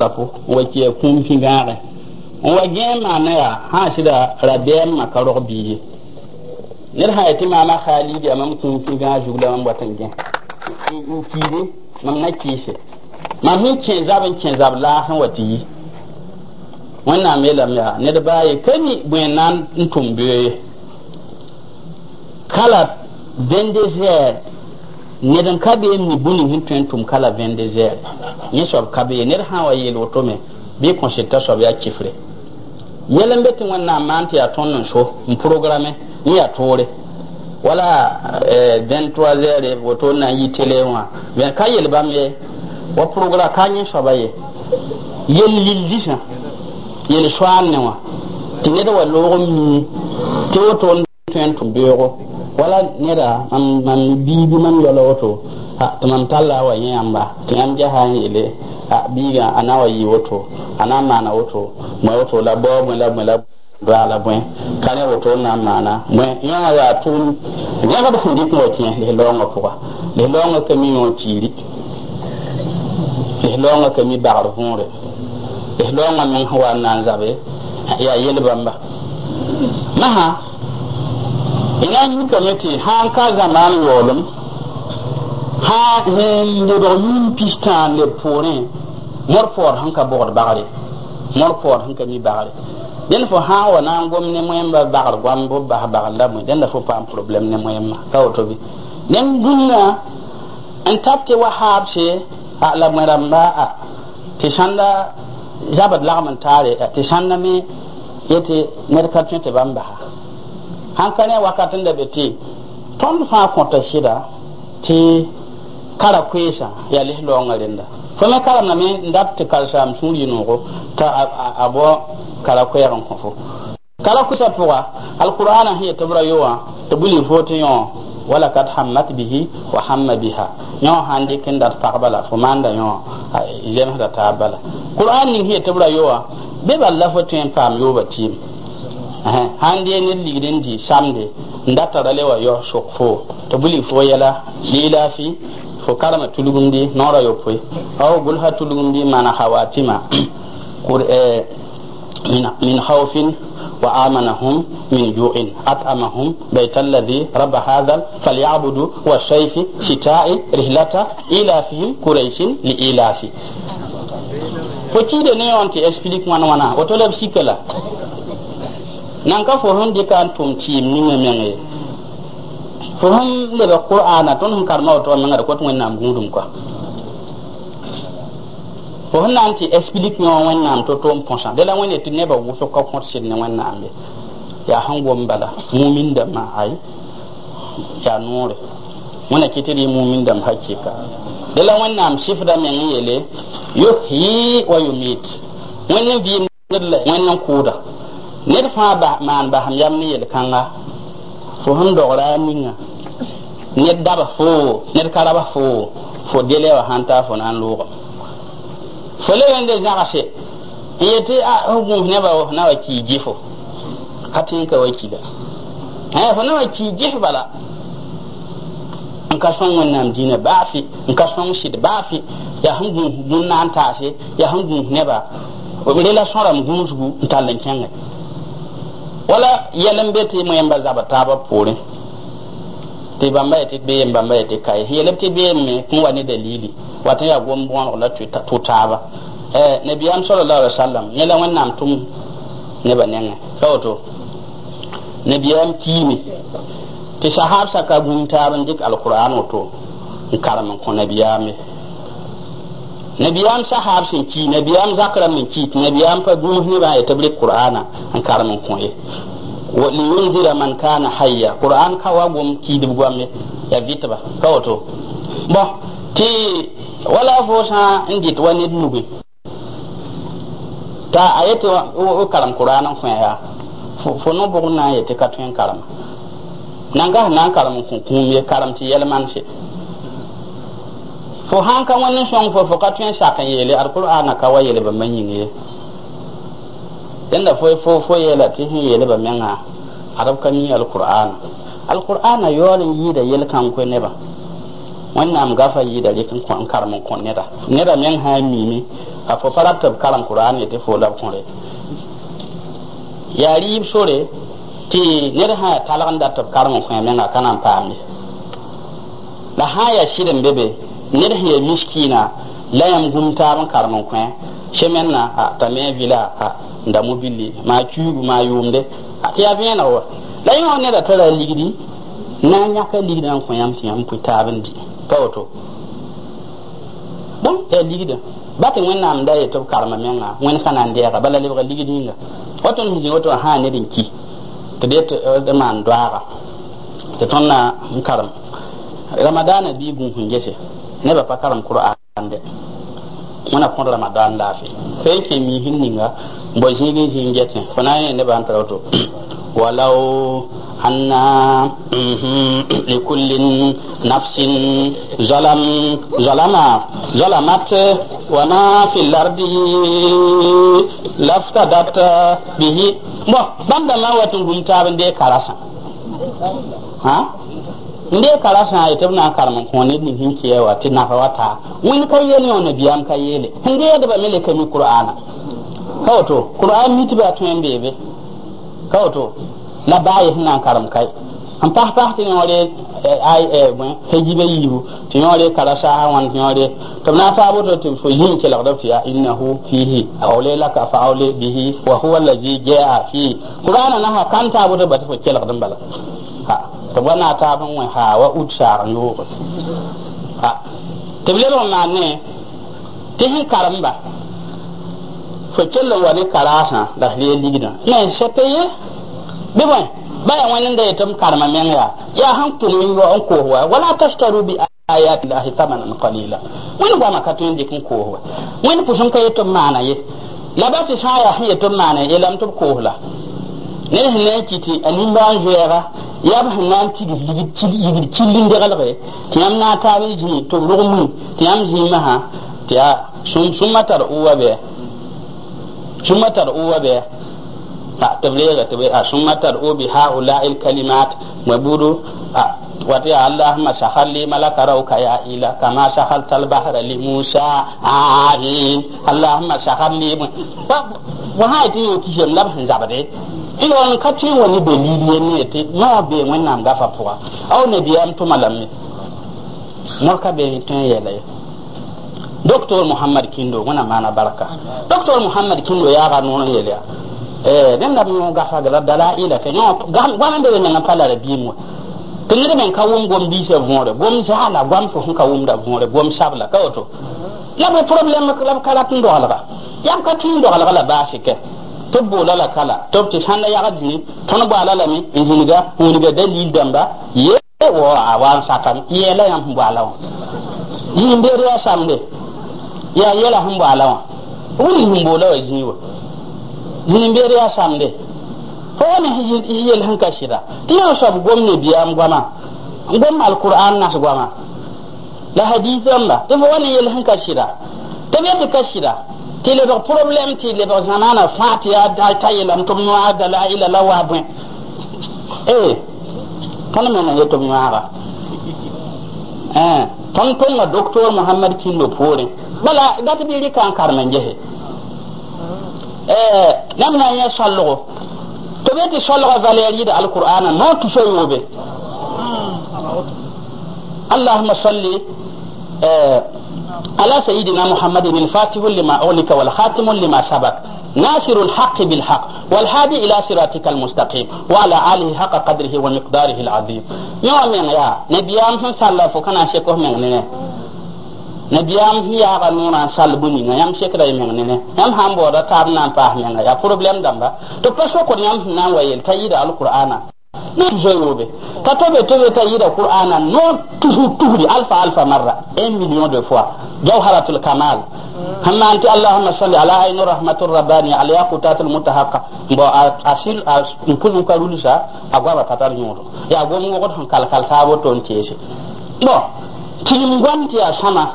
E wè gen manè a, hansè da alè bem mè kalok biye. Net haye ti mama khali di a mèm koum koum gen a joug la mèm watan gen. Mèm nan kise. Mèm ni kienzab, n kienzab la san wati. Mwen nan mè lèm ya. Net baye, kè mi bwen nan mèm koum biye. Kalap, dènde zèl. ned ka bee mi bũni sẽn tõe n tʋm kala vẽnde zɛɛr yẽ soab ka bee ned sã n wa yeel wotome bɩ kõ sɩd t'a soab yaa kifre yɛl n be tɩ wẽnnaam maan tɩ yaa tõnd n so n programe n yaa toore wala eh, vẽn toa er, zɛɛre eh, woto n na n yi tele wã ka yel bãmb ye wa progra ka yẽ soaba ye yel lildisã yel soaan ne wã tɩ ned wa loog n mii tɩ woto n tõe n tʋm beoogo wala nera man man bibi man yolo woto ha taman talla wa yamba tiyam jahan ile a biga ana wa yi woto ana mana woto ma woto la bo mo la mo la ba la bo kane woto na mana mo yana ya tun ya ba fundi ko tiyan le longa ko ba le longa ka mi on tiri le longa ka mi bagar funre le longa min hawa nan zabe ya yelbamba maha ila yi meti han ka zaman yolum ha hen le do yum pistan le pore mor por han ka bagare mor por han mi bagare den fo ha wa na ngom ne ba bagar gwam ba bagar da mo den da fo pam problem ne moyem ma ka oto bi den dunna an tapte wa habshe ala maramba a ti sanda jabat lagman tare ti sanda me yete nerkatun te ha. a wakatin da bete ton fa konta shida ti kara kwesa ya lihlo ngarinda fome kara na min ndap ti sun yi nuku nugo ta abo kara kwera konfo kara kusa puga alkur'ana hiya tabra yuwa tabuli foti yo wala kad hammat bihi wa hamma biha yo handi kin dar taqbala fo manda yo jem da tabala qur'an ni hiya tabra yuwa be balla foti en pam ba tim hande ne ligden di samde ndatara lewa yo sokfo to buli fo yala lila fi fo karama tulugum tulugumdi nora yo poy aw gulha tulugumdi mana hawatima kur e min min khawfin wa amanahum min ju'in at'amahum baytal ladhi rabba hadha falyabudu wa shayfi shita'i rihlata ila fi quraishin li ilafi ko tiide ne on ti explique wana wana o to leb sikala nan ka fo hon dikan tum tim ni ngame fo hon le ba qur'ana ton hon karma to nan ko tun nam gudum ko fo hon nan ti explique no wan nam to to ponsa de la wan ti ne ba wo so ko kon sin wan nam be ya han gom bala mumin da ma ai ya nore muna e kitiri mumin da hakika de la wan nam shifra e men yele yuhyi wa yumit wannan biyin e la wannan koda ned fãa maan basem yam ne yel-kãnga fo sẽn dogra a ninga ned daba foo ned ka raba foo fo dele wã sãn fo na n loogame fo le wẽnde zãgse n yetɩ fo gũus nebã fo na wa kii gɩfo ka tẽ ka wa kida fo na wa kii gɩf bala n ka sõng wẽnnaam dĩinã baafɩ n ka sõng sɩd baafɩ yaa sẽn gũus bũmb na n taase yaa sẽn gũus nebã rela sõrame gũusgu n tall n kẽnge wala yɛl n be tɩ moẽmba zaba taaba poorẽ tɩ bãmba ya tɩ beem bãmba ya tɩ kae yel b tɩ beemme tɩ wa ne dalili wat n yaa gom bõoneg la tʋ taaba e, nabiyaam sala alai wasalam ne la wẽnnaam tʋm neba nengẽ ka woto nabiyaam kiime tɩ sahabsã ka gũum taab n dɩk alquraan woto n karem n kõ nabiyaam nabiyam sahab sẽn ki nabiyam zakrã me n ki tɩ nabiyam pa gũus nebã n yetɩ b rɩk qur'ana n karem n kõ ye liyundira man kana haya qur'an ka wa gom kiidb goamye ya vɩtba ka woto bõ tɩ wala fo sã n dɩt wa ned nuge t'a a yetɩ w karem qur'an n kõ yaa fo no bʋg na n yetɩ ka tõe n nan ka na n karem kun kõ kũum ye karem tɩ fo han kan wani fo fo ka tun shaka yele alqur'ana ka wa yele ba man yinge yanda fo fo fo yele ti hin yele ba men ha arab kan ni alqur'ana alqur'ana yolin yi da yel kan ko ne ba wannan am gafa yi da rikin ko an karmin ko ne da ne da men ha mi ne a fo faratab kalan qur'ani te fo la ko re yari sore ti ne da ha talagan da tab karmin ko men ha kanan pamni ha haya shirin bebe ned sẽn yaa miskiinã la yãmb gũm taab n karem n kõ shemenna t'a me a vila n da mobili maa kiugu maa yʋʋmde tɩ yaa vẽeneg wa la yẽ wã neda tara a ligri na n yãka ligdã n kõ yãmb tɩ yãmb pʋɩ taab n di pa woto bõn yaa ligdã ba tɩ wẽnnaam da yetɩ b karema menga wẽnd ka na n dɛɛga bala lebga ligd yĩnga wa tõnd sẽn zĩ woto sã ned n ki tɩ d yet d maan doaaga tɩ tõnd na n karem ramadaana bɩ gũus n gese ne ba fakaran qur'an de wana da ramadan la fi fe ke mi hinninga bo jini jinge tin fana ne ne ba an antarato walau anna mhm, kullin nafsin zalam zalama zalamat wa ma fil ardi laftadat bihi mo banda lawatu gunta gumta bande karasa ha nde kala sa ite na karman ko ne ni hin kiyawa tin na fawata mun kai yele on biyan kai yele nde da ba mele kai qur'ana kawto qur'an miti ba to en bebe kawto la baye hin karam kai an pa pa tin wale eh, ai e eh, mo hejibe yibu tin wale kala sa wan tin wale to na ta bo to tin fo yin kila da ya innahu fihi awle laka fa awle bihi wa huwa allazi jaa fi qur'ana na ha kanta bo to ba to kila da bala ha tɩ wa naa taab n wẽ ha wa ud saag yoogo ha tɩ b lebg n maan ne tɩ sẽn karemba fo kell n wa ne karaasã la f ree ligdã mais sɛpe ye bɩ bõe baya wani da ya tum karma men ya ya han tun min wa an kohuwa wala tashtaru bi ayati llahi thamanan qalila wani ba maka tun dikin kohuwa wani pusun kai tum mana ye labati sa ya hiye tum mana ye lam tum kohula ne sẽn na n kɩtɩ a nimbaar vɛɛga yaa b sẽn na n tigd yigd killindeglge tɩ yãmb na n taab n zĩi tobrg mun tɩ yãmb zĩimasã tɩ yaa sũma tar ʋʋwa bɩa sũma tar ʋʋwa bɩa tɩ b reega tɩ a sũma tar ʋʋ bɩ haulai lkalimat wabudu wat ya allahumma sahal li malaka rauka ya ila kama sahalta albahra li musa amin allahumma sahal li wa hayati yo kiyem lab sẽn zabde diga n ka ce wani dalili ya ne te nawa be wannan gafa fuwa au ne biya an tuma lamme norka be tun yela docteur muhammad kindo wana mana baraka docteur muhammad kindo ya ga nono yela eh den da mun gafa ga dalaila ke no gwan be nan pala da bimu tun da men kawum gom bi se vore gom jala gom fo hun kawum da vore gom sabla ka oto la problem la kala tun do halaba yam ka tun do halaba la ba shi ke to bola la kala to ti sanda ya gadi ton bala la mi hiniga hiniga dalil damba ye wa a sakam ye la yam bala wa yin be ya samde ya ye la hum bala wa wuri hum bola wa jiwa yin be ya samde ko wani yel hanka shida tiyan sab gomne biyam gama gom alquran nas gama la haditham la to wani yel hanka shida to be ka shida tɩ lebg problɛm tɩ lebg zãmaana fãa tɩ yaa ta yeelame tɩ b yõaga dala ila la waa bõe ee tõnd me na ye tɩ b yõaga tõnd tõnga doctor mohamad kinlo poorẽ bala dat bɩ rɩka n karem n gese neb na n yẽ soalgo tɩ be tɩ soalga valɛɛr yɩɩd alqur'ana noog tɩ so yoobe allahuma salli على سيدنا محمد الفاتح لما أغلق والخاتم لما سبق ناصر الحق بالحق والهادي إلى صراطك المستقيم وعلى آله حق قدره ومقداره العظيم يوم من يا نبي أمهم صلى الله فكنا شكوه من نينه نبي أمهم يا غنونا سالبوني يام شكرا من نينه يام هم بورا تابنا فاهم يا فروبلم دمبا تبصو كنيام نان ويل تيجي القرآن no tusoyoɓe ka toɓe toɓeta yiɗa qur'ana non toujours di alfa alfa marra un million de fois jawharatul kamal hamma anti allahumma salli ala ayni rahmatul rabbani ala yakutatul mutahaqqa bo a sil a pusum ka rulisa a gwaɓa patar ñuuto ya gomgogot han kalkal taɓo toon teese bon tilim gon sama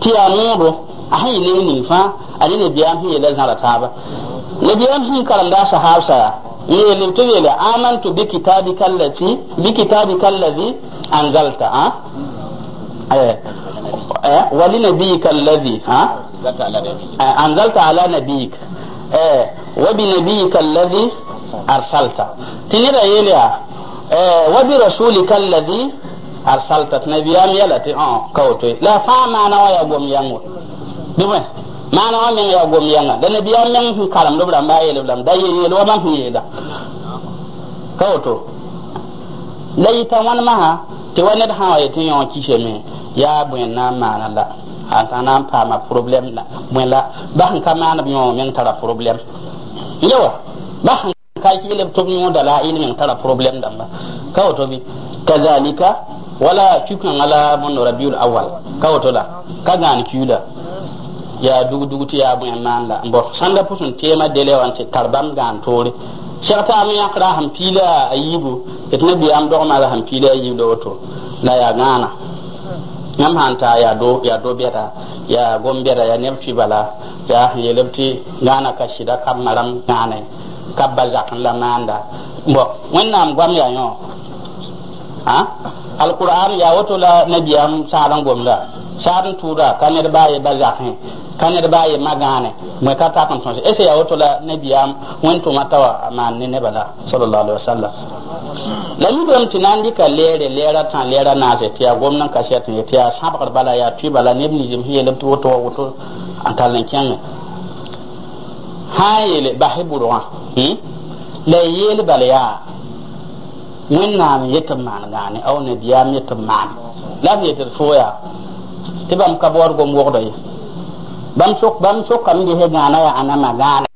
tiya nuuɗo a hay lenin fa anene biyam hiyela ne yelintu yele amantu bi kitabika allati bi kitabika allazi anzalta ha wali nabiyika allazi ha anzalta ala nabiyik wa bi nabiyika allazi arsalta tinira yele ha wa bi rasulika allazi arsalta nabiyam yalati on kawto la fa ma na waya gom yango dimwe maana wa meŋ ya gom yaŋa da na biya meŋ sẽn karemd b rãmba a yeel b rãmb da yel yeel wa man sẽn yeela ka woto la yita wãn masã tɩ wa ned sãn wa yetɩ yõ me ya bõen na maana la sãn ah, ta na pa ma problem la bõe la ba han ka na yõ meŋ tara problem yawa wa ba han ka kɩɩl to tʋb da la a yɩl meŋ tara problɛm dãmba ka bi kazalika wala kɩ ala mun rabiul awal ka woto la ka gãan kiu ya dugu dugu ti ya bõe maan la mbo sanda da tema dele wante tɩ gan bãmb gãan toore sɛg taam yãkra sẽn piila a yiibu tɩ na biyaam dogma la ham pila ayibu do to na ya gana yãmb sãn ya do ya do beta ya gom bɛda ya neb fɩ bala ya sẽn gana tɩ ka shida kam maram gãane ka ba la n mbo maanda bɔ gwam ya yaa ha alquran ya wato la nabi am salan gom sabi tura kanir baye bazahin kanir baye magane mai ka ta kan tonse ese ya wato la nabiyam wanto matawa man ne ne bala sallallahu alaihi wasallam la yi dum tinandi ka lere lera tan lera na se tiya gwamnan ka se tan tiya sabakar bala ya tu bala ne ni jim hiye lamtu wato wato an talan kyan hayele bahiburwa hmm la yele bala ya wẽnnaam yetɩ maan gaane a wa nabiyaam yetɩ maan la b yetɩ ti bam ka bor gom wogdo ye bam sok bam sok kam de he gana ya ana magana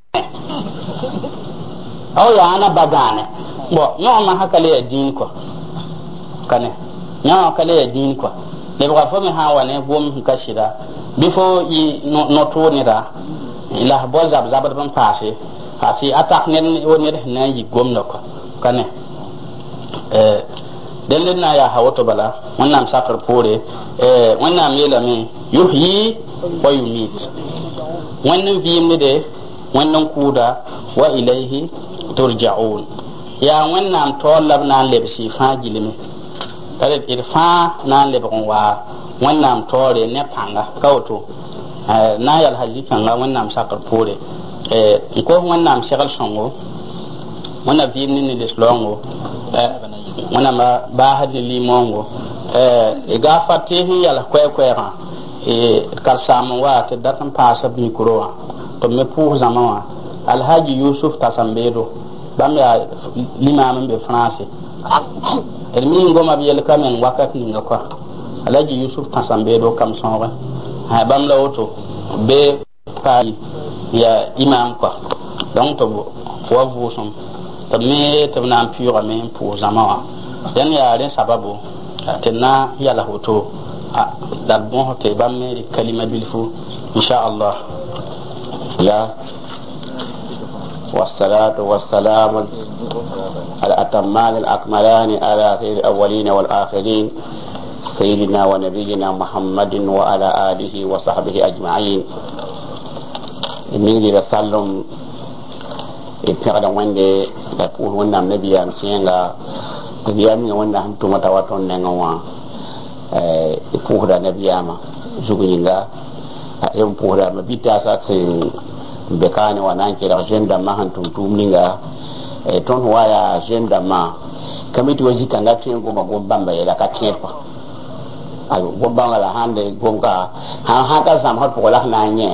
aw ya ana bagana bo no ma hakale ya din ko kane no hakale ya din ko ne ba fo mi ha wane gom ka bifo yi no to ni da ila bo zab zab ban pase ati atak nen woni ne yi gom no ko kane eh dalilin na ya hawa ta bala wannan amsa karfore eh, wannan amela mai yuhi wa yumit wannan biyim ne da wannan kuda wa ilaihi turja'un ya wannan tolab na lebsi fagili ne tare irfa eh, na lebon wa wannan tore ne fanga kawato na yi alhaji fanga wannan amsa karfore ko wannan shagal songo wannan biyim ne de slongo eh wẽnnaama baasd ne limoongo y eh, e gaa fa tees n yɛls koɛɛ e karsaam n wa tɩ dat n paas b mikro wã tɩ me pʋʋs zãma wã alhaji yusuf tasambeedo bãmb yaa limaam n be france d mi goma b yelka meŋ wakat ninga kɔa alhaji yusuf tasambeedo kam sõoge bãmb la woto bee paayi ya imam kɔa donc tɩ wa vʋʋsem tɩ me tɩ b na n pʋʋgame n pʋʋs zãma wã dẽnd yaa rẽ sababu tɩ na yala woto la d bõos tɩ bãmb me dɩ kalima bilfu inchallah ya والصلاة والسلام الأتمان الأكملان على خير الأولين والآخرين سيدنا ونبينا محمد وعلى آله وصحبه أجمعين إني لسلم d pẽgda wẽnde la pʋʋs wẽnnaam nabiyaam kẽenga tɩ d yaa ninga wẽnna sẽn tʋma t'a wa tõnd nengẽ wã d pʋʋsda nabiyaamã zug yĩnga yẽ n pʋʋsdaama bɩ sẽn be kaane wã na n kelg zem dãmbã sẽn tʋm tʋʋm ninga tõnd wa yaa zem dãmbã kame tɩ wa zikãnga tõe n goma gom bãmba yeela ka tẽed ayo gom bãmba la sãnde gomka sãn ka zãmsd pʋgã la sẽn na n yẽ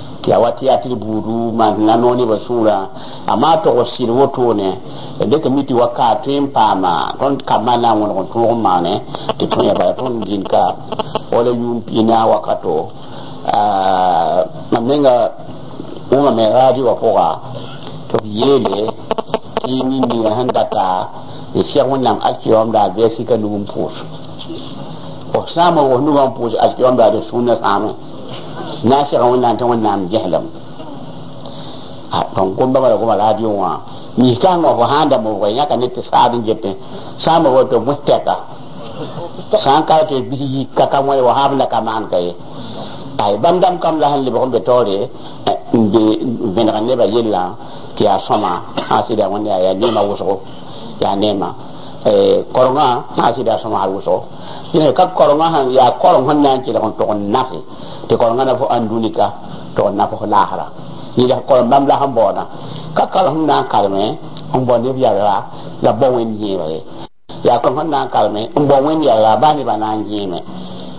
ya wati ya tiri budu ma na noni ba sura amma to ko sir woto ne de ka miti waka tin pama kon kamana won kon to ma ne ti to ya ba ton din ka wala yum pina wakato a ah, mamenga uma me radio wa poga to yele ti ni ni handa ta e shi wannan akiyom da be shi ka nubun pus ko sama wannan pus akiyom da da sunna sama na shiga wannan ta wannan jahilan a kan kun baba da kuma radio wa ni kan wa ba handa mu ba ya kan ta sabu jepe samu wato mustaka san ka ke bi ka kan wai wa habla ka man kai ai bandam kam la halli eh, ba kun be tore be be na ne ba yilla ki a sama asida wannan ya ne ma wusu ya ne ma Eh, koronga na si da sama halu so ne ka koronga han ya korong han nan ci da kon to nafi te koronga na fo andunika to na fo lahara ni da koron bam la han bona ka kala hun na kalme on bon ne biya la la bon wen ni re ya kon han na kalme on bon wen ya la bani bana ni me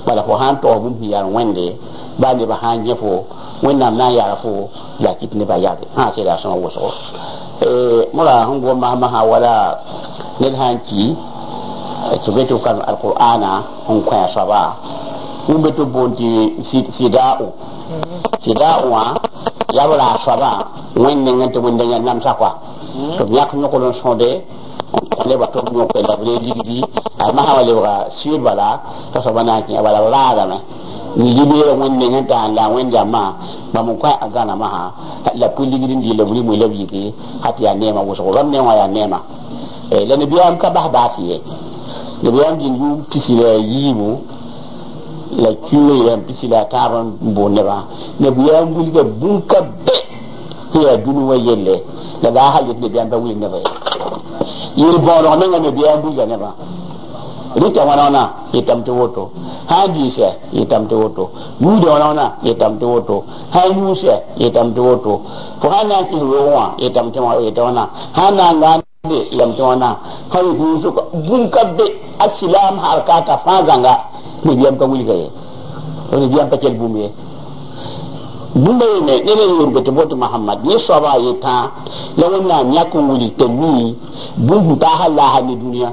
bala ko han to bum biya wende bani ba han je fo wen nam na ya fo ya kitne ba ya ha si da sama wo mura hun go ma ma wala ned hanki to beto kan alqur'ana hun kwa saba hun beto bonti fida'u fida'u wa yabra saba wenne ngante bunde ngan nam sakwa to nyak nyokolo sonde le ba tob nyokko la bre digi amma hawale wa siwal bala to so banaki wala wala da me yibira wẽnde yẽ dãan la wẽn yamã bãmb n kwa a gãna masã la pu ligd n dɩɩ la wilg moe la wiige hat yaa neema wʋsgo rãmb ne wã yaa neema la nebiyaam ka bas baas ye nebiyaam dĩn yʋʋm pisi la yiibu la kiuã yɩra n pisi la a taab n boon nebã nebiyaam wilga bũmb ka be sẽn yaa dũni yelle la daa ha yet nebiyaam pa wilg nebã ye yel bõodg menga nebiyaam wilga nebã Rita wanaona itamte woto hadisha itamte woto yuda wanaona itamte woto hayusha itamte woto fuhana hana kirowa itamte wa itona hana ngande itamte wana hayu kuhusuka bunkabde kabbe asilam harkata fazanga ni biya ka kaya ni biya mpachel cel bumye bumba ye ne ne ne yurbe to boto muhammad ni sawa ye ta la wona nyakungu te mi bun ta ni dunia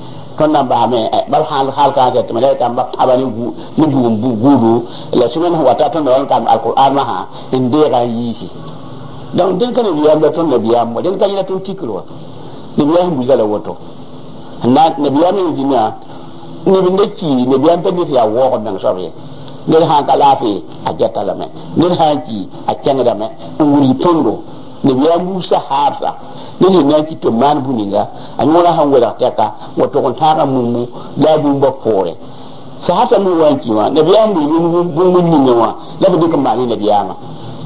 tõnda n basame eh, bal hal kãa kɛ tɩ me la yetame ba kãba ne buum guudu la sũma sẽn wata tõnda wal kam alquran masã n deega n yiisi donc dẽn ka nabiyaam la tõnd nabiyaam wa dẽn ka yɩla tõnd tikr wa nabiyaam sẽn wilga la woto nabiyaam ne zĩnã neb n da kii nabiyaam pa ned yaa waoogd bãng soab ye ned sã n ka laafɩ a gɛta lame ned sã n ki a kẽngdame n wilg tõndo ne wangu sa harsa ne ne na ki to man buninga an wala han wala kaka wato kon tara mumu la dun ba fore sa hata mu wanki ma ne biya mu bun bun mun ne wa la bi kan mali ne biya ma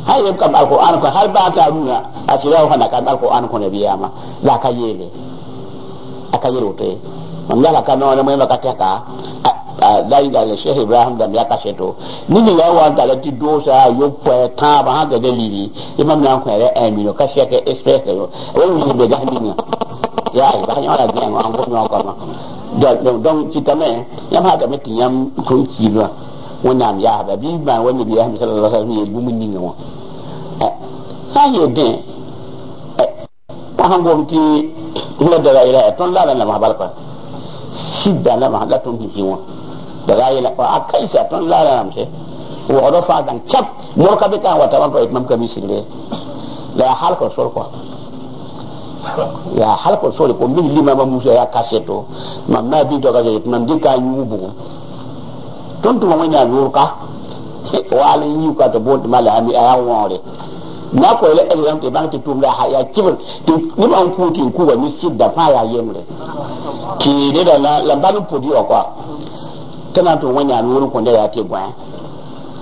hay ne kan alquran ko har ba ta runa asira wa kana kan alquran ko ne biya ma la ka yele aka yele to mangala kana wana mwema a dai da le ibrahim da ya kashe to nini ya wa da lati dosa yo pa ta ba ha ga dalili imam na ko ya ai mino kashe ka express yo wani ni be ga ni ya ai ba ga an ko ko ma don ya ma ga yam ko ki ba wannan ya ba bi ba wani bi ya sallallahu alaihi wasallam ya ni eh, ye hango ila da ila ton la la ma sidda la ma ga tun ki wa daga yi la ba akai sa ton la ram se wo do fa dan chap mor ka be kan wata ba ko mam ka mi sinde la hal ko sol ko ya hal ko sol ko min lima ma musa ya kaseto mam na bi to ka je nan di ka yu bu ton to ma nya ru ka wala yu ka to bon ma la mi ayan wore na ko le exam te bang te tunga ha ya kibir te ni ban ku te ku wa ni sidda fa ya yemre ki ne da la lambaru podi o kwa kana to wanya ni wurin kunde ya te gwan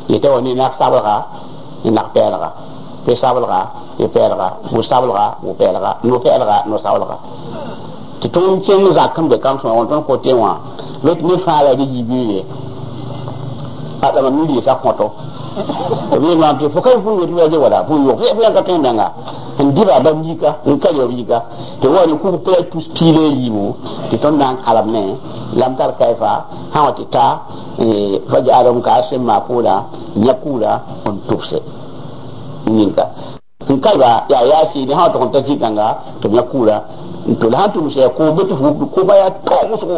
ye ta wani na sabra ni na pera pe sabra ye pera wo sabra wo pera no pera no sabra ti tun kin za kan da kan so won ton ko te wa lot ni fa la di jibi ye adama mi di sa koto obyemanti fo kali pun wetɩ waje wala fu yok fɩ yãka tõe n dɩba bam yika n ka yaob yika tɩ wa ne kub pla tus piile yiibu tɩ tõnd na n kalem ne lam tar kaifa sã wa tɩ ta fa jaalem ka sẽn maa kʋʋra yã kʋʋra n tʋbse ninka n kalba yaa yaa sɩɩde sã wa tʋg n ta zĩ-kãnga tɩ b yã kʋʋra n tol sãn tʋmsɛ kʋʋ bɩ tɩ kʋʋba yaa tɔgsgo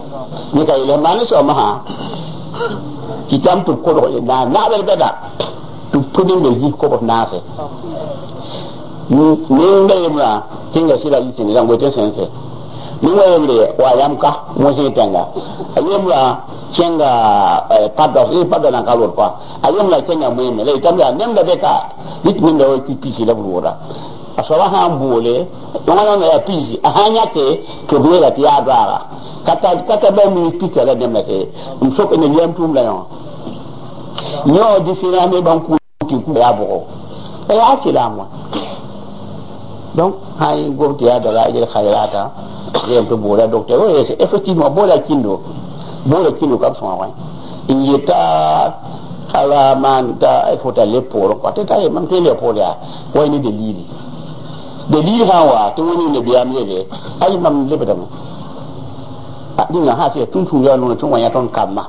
nika ile mani so maha kitam tu kodo na na bel beda tu puni me yi ko na se ni ni ne ma tinga sira yi tin ran gote sense ni wa yemle wa yamka mo se tanga ayemla chenga pada e pada na kalo pa ayemla chenga mo yemle itamla nem da beka bitmin da o ti pisi la buora asɔrɔ hã boole ŋmana mɛ apiisi a hã nya ke tobile la ti yaa baara kata kata bɛ mi pita la dem la ke muso ko ne yɛm tum la yɔn nyɛ o di fira mi ban ku ti ku yaa bɔgɔ ɛ yaa ti la mɔ donc hã yi gom ti yaa dɔ la yɛrɛ xayira ta yɛrɛ to boole docteur o yɛrɛ effectivement boole kindo boole kindo ka sɔn wa n yi taa kala man ta e, fota le poro ko ta ta e, yɛ mam te le poro ya wani dalili dalil ga wa to woni ne biya mi de ay mam le badam a din na hasiya tun tun ya nuna tun wanya ton kamma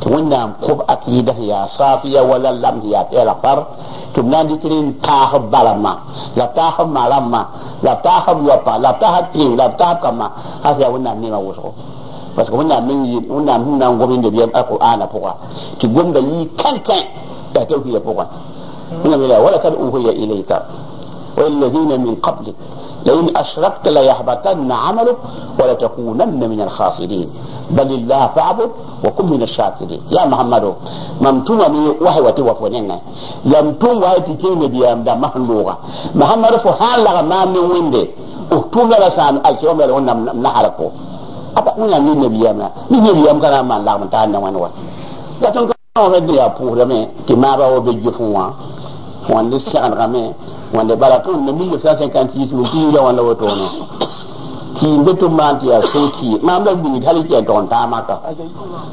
to wanda ko akida ya safiya wala lam ya tela par to nan di trin ta balama la ta malama la ta wa pa la ta tin la ta kama hasiya wannan ne ma wuso parce que wannan min yi wannan min nan gomin da biyan alqur'ana fuka ki gomda yi kankan da tauhiya fuka ina mila wala kad uhiya ilayka والذين من قبلك لئن أشركت ليحبطن عملك ولتكونن من الخاسرين بل الله فاعبد وكن من الشاكرين يا محمد ممتوما ني وهي وتي لم يمتوم وهي تكين بيام دا محلوغا محمد فهان لغا ما من ويندي اكتوم أه، لغا سان اكيوم لغا نحرقو أبا أنا ني يعني نبيام ني نبيام كنا من لغا من تانا وين وين لكن كنا وفيد يا بوه لمن تمابا وبيجي فوا وان لسيان غمي wanda bara kan na mungu sasa kan ti su ti ya wanda wato no ti nde to man ti ya so ti ma am da bu ni dali ke don ta ma ka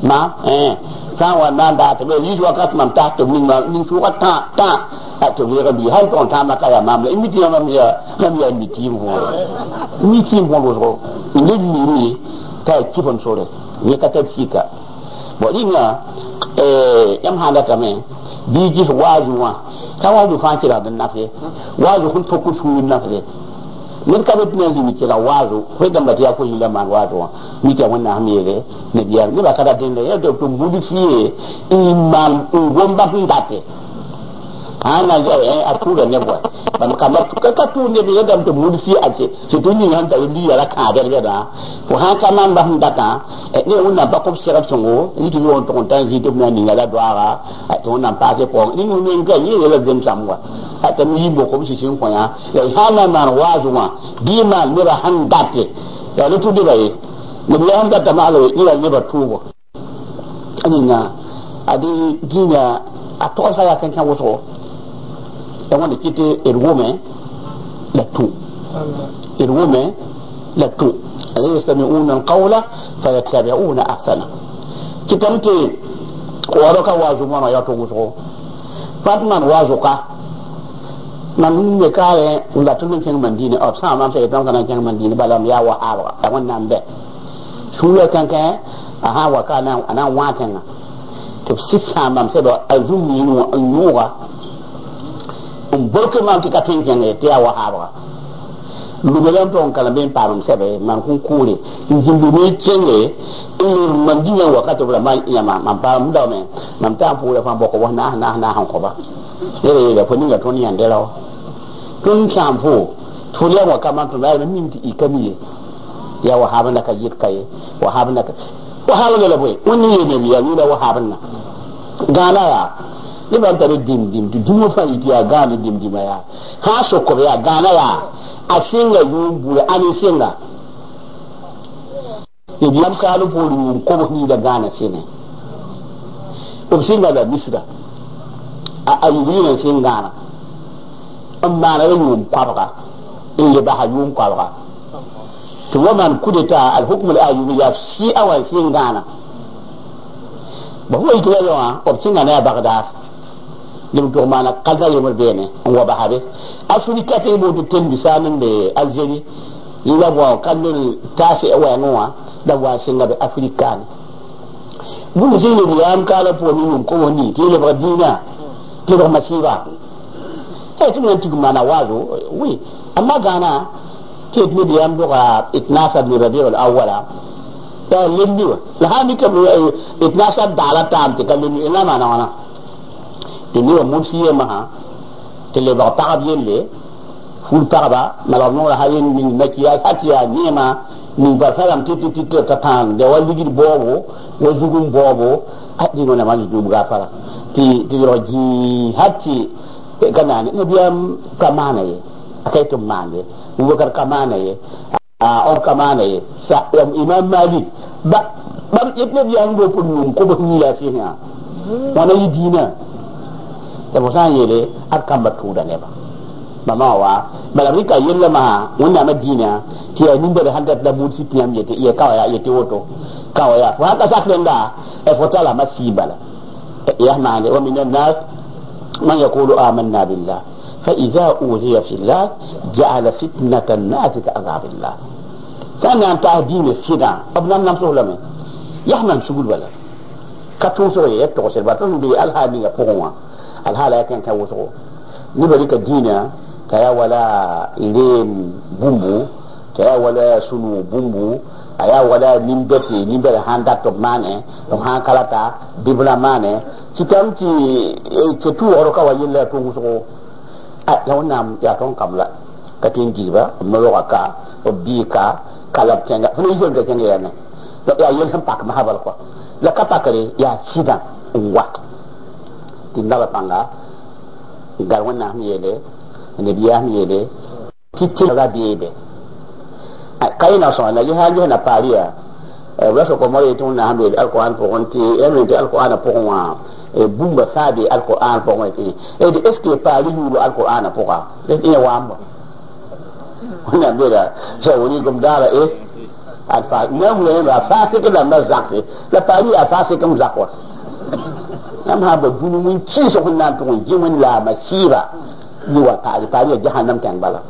ma eh kan wa nan da ta be yi wa ka man ta to min ma min su ta ta a to be ga bi han don ta ma ka ya ma am mi ti ma mi ya na mi ya mi ti mo mi ti mo ro ni ni ta ki e bon sore ni ka ta ki bo ni na eh yam ha da me diijis waazu wã ta waazu fãa tɩra d nafse waazu sẽn tʋk suur nafse ned ka be tɩ nan zĩmi tɩra waazu fo dãmba tɩ yaa fo yĩla maan waazu wã mita wẽnnaam yeele nebiyaa nebã ka da dẽnda yaa tɩ bũd fɩ ye n maan n gom bak n gate ana na atura ne bwa bam kamar ka ka tu ne bi dam to mulsi aje si to ni han ta ndi yara ka der da ha ka man ba hunda ka ne wona ba ko sira tungo ni ti won to tan ji to ni ngala do a to na pa ke po ni nu ne ga ye la dem samwa a ta mi bo ko si sin ko ya ha na na wa zuma bi ma ne ba han date ya lu de ba ye ne bi han date ma lo ila ne ba tuwo ani na adi dina a tɔgɔ Ewan e kite erwome lak tou. Erwome lak tou. Ese mi ou nan kawla, fayat kreve ou nan aksana. Kite mte, wadoka wajou mwano yato goutro. Fatman wajou ka, nan mwenye ka, ou latoun men keng mandine, op sanman se etan sanman keng mandine, bala mwenye awa awa, ewan nan mbe. Shulwe tenken, a hawa ka nan watenga. Tep sit sanman, se do ajou mwenye mwenye mwenye mwenye mwenye mwenye mwenye mwenye mwenye mwenye mwenye mwenye mwenye mwenye mwenye mwenye mwenye mwenye mwenye m bortuman ti ka tin kenge ti awa hawa lugalan ton kala ben parum sebe man kun kure zimbu ne kenge in man dinya wakati bra man iya ma man parum da me man ta pu da fa boko wa na na na han ko ba yere yere ko ninga ton yan de lawo tun shampoo to ya wa kama to ba min ti ikami ya wa haban da ka yit kai wa haban da ka wa haban da boy wani ne ne ya ni da wa haban na gana ya ne ba ta dim dim du dumo fa iti ya gana dim dim ya ha so ko ya gana ya a singa yumbure ani singa ibiyam kalu bo mun ko ni da gana sine to singa da misra a ayubi ne singa na amma na yum kwaba in yi ba ha yum kwabaka to waman kudeta al hukm al ayubi ya si awan singa na ba huwa yawa ko singa na ya bagdad ɗum to mana kalgayemol beene woɓa haɓe africatin ɓoto tendi sanande algérie yila bon kannol tasi e wayangowa ɗawa singaɓe africane ɓum silem yam kala poni yum ko woni ti lebra dina ti lebra masiba e tum nan tigi mana waso oui amma gana tetni ɓiyam ɗoka itnasad ni rabiul awala ta lembiwa lahami kam itnasad dala tamte ka lembi ina mana wana teniwa mumsiye maha tele ba paab yelle ful paaba malab no ha yen min nakiya hatiya nema min ba salam titi titi ta tan de wal ligir bobo wa zugum bobo hadi ngona man dum gafara ti ti roji hatti kanani no biam kamana ye akai to mande ubakar kamana ye a on kamana ye sa imam malik ba ba yetne biam bo pun ko bo ni ya fi ha wana yidina المسهل أكم بطودا نبا mamawa malamika yella ma wanda madina ti ya nimbe da hangat da buti ti yam yete iya kawaya yete woto kawaya fa haka sakrenda e fotala masibala ya mane wa minan nas man yaqulu amanna billah fa idza uziya fillah ja'ala fitnatan nas ka azabillah kana an tahdin sida abnan nam sohlame yahman shugul bala katun so ye to sel batun bi alhadi ga pohwa alhala ya kan kawo so ni bari ka dina ka ya wala irin bumbu ka ya wala sunu bumbu a ya wala nimbete nimbere handa to mane to han kalata bibla mane citam ci ce tu oro ka wajin la to muso a ya wannan ya ton kamla ka tin jiba no lo ka o bi ka kalab tenga funa yiso ga tenga yana ya yel pak mahabal ko la ka pakare ya sidan wat tɩ d naba pãnga n gar wẽnnaam yeele nebiyaam yeele tɩ tɩra beebe ah, ka yẽ na sõsna yẽsa yẽsna paar yaa b eh, ra sõkɔ moa tɩ wẽnnaam yeele alkoran pʋgẽ tɩ yãmn eh, tɩ alkorana pʋgẽ eh, wã bũmba sã be alkoran pʋgẽ d est ce que paar yuulo alkorana pʋga yẽ wãamba wẽnnaam yeela sa wẽnigem daara e ad faa nan wẽra faa sɩk lamba zãkse la paar a faa sɩkm zak wa kam ha ba gunu mun ci so kun nan tun ji mun la masiba yi wa pari pari jahannam kan bala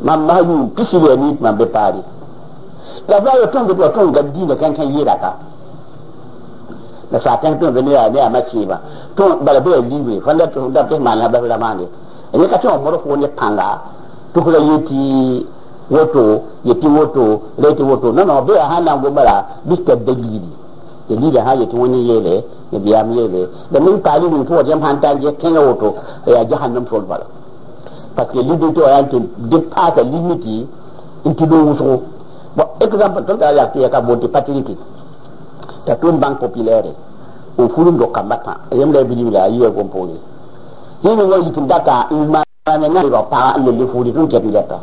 man ma yu kisi le ni man be pari la ba yo ton go ton ga dina kan kan yira ka na sa kan tun ne ya ne a masiba to bala be liwe fanda to da be man ha ba la mande ne ka ton moro ko ne panga to ko yiti woto yiti woto leti woto no no be ha go bala bi ta dalili dalili hajati wani yele ya biya mu yele da mun kali mun to wajen hanta je kan yawoto ya jahannam to bala parce que lidu to ya to dépasse limite inti do wuso bon exemple to ya to ya ka bonti patriki ta tun bank populaire o furum do kamata yem da bidi la yiwe komponi yini ngi yitin data ma ne ngi ba pa le le furi tun ke bi data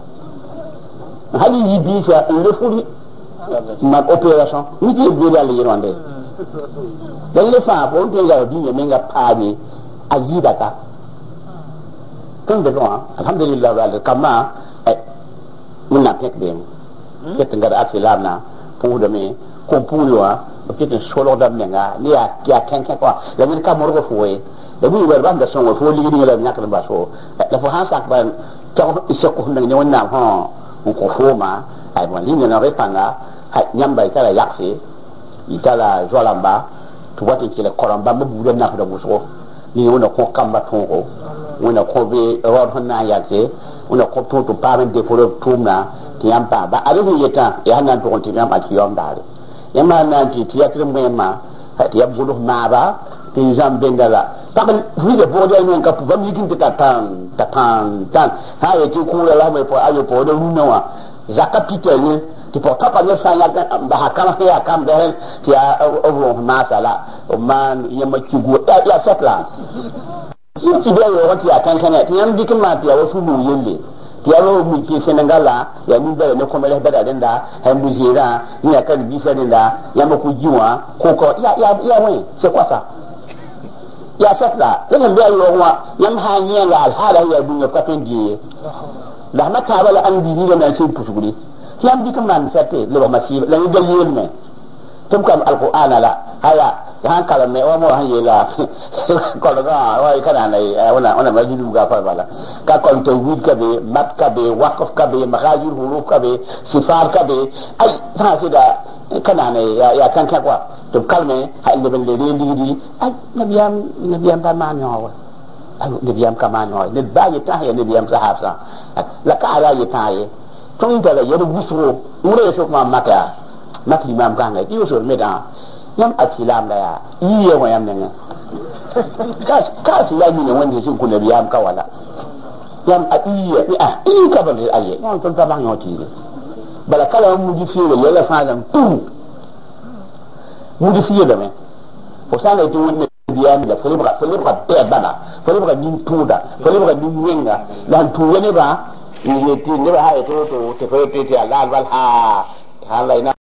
hali yibi sa le furi ma opération mi ti bi dal yironde don nufa bon tun ga din ne ga pabi ajiba ta tun da don alhamdulillah wal kama mun na pek ben ke tun ga afilam na pu da me ko pu wa ke tun solo da me ga ni ya ya ken ken ko da mun ka morgo fuwe da mun wer ban da son wa fo ligi ni la nyaka ba so da fo han sak ban ta isa ko nan ne wannan ha ko fo ma ai wannan ne na re panga ha nyamba ita la yakse itala zolamba ti wati kile koramba ma buure nak da busgo ni wona ko kamba tongo wona ko be rod honna yake wona ko to to pa men deforo tumna ti yampa ba ari hu yeta ya hanan to konti yampa ti yom dare yamma nan ti ti yakre mwema ti yabulu maba ti jam bengala pakan huide bode men kapu ba mi kinti tatan tatan tan ha yeti kula la me po ayo po de nunawa zakapita yin ti po kapa ne sa ya ba kama ya kam de ti ya obo ma sala o ma ya ma chugo ya ya setla yin ti be yo ti ya kan kan ti yan dikin ma ti ya wasu bu yende ti ya lo mu ti senegala ya mu be ne ko mele be da bu jira ni ya kan bi se den ya ma ku jiwa ko ya ya ya we se sa. ya setla yin be yo wa yam ha nya la ya bu ne ka tin di da ma ta bala an di na shi pusuguri ci am dikam nan fete lo masib la ngi yoon ne tum kam alquran la haya ha kala ne o mo han yela ko do ga wa ka na ne wala wala ma jidu ga fa bala ka kon to wud ka be mat ka be waqf ka be mahajir huruf ka be sifar ka be ay fa su da kana ne ya ya kan ka kwa to kalme ha inda ban dai dai dai ay nabiyam nabiyam ba ma nyo wa ay nabiyam ka ma nyo ne ba yi ta ya nabiyam sahaba la ka ara yi ta ya 中一得了，有的五十多，我们那时候嘛，没得，没得什么感觉。你说没得啊？你们阿七 来不来？伊耶我也没得。卡卡七来，你那问的是你，你那边卡不啦？你阿伊耶，伊卡不啦？哎耶，我那总在帮人聊天。巴拉卡拉姆木迪西耶，勒勒翻张图，木迪西耶他们，不是那一点一点的，分别把分别把点打啦，分别把点图啦，分别把点影啦，然后图影啦。Yeye kingura hayo tu tu tufauti ya lalwal ha halaina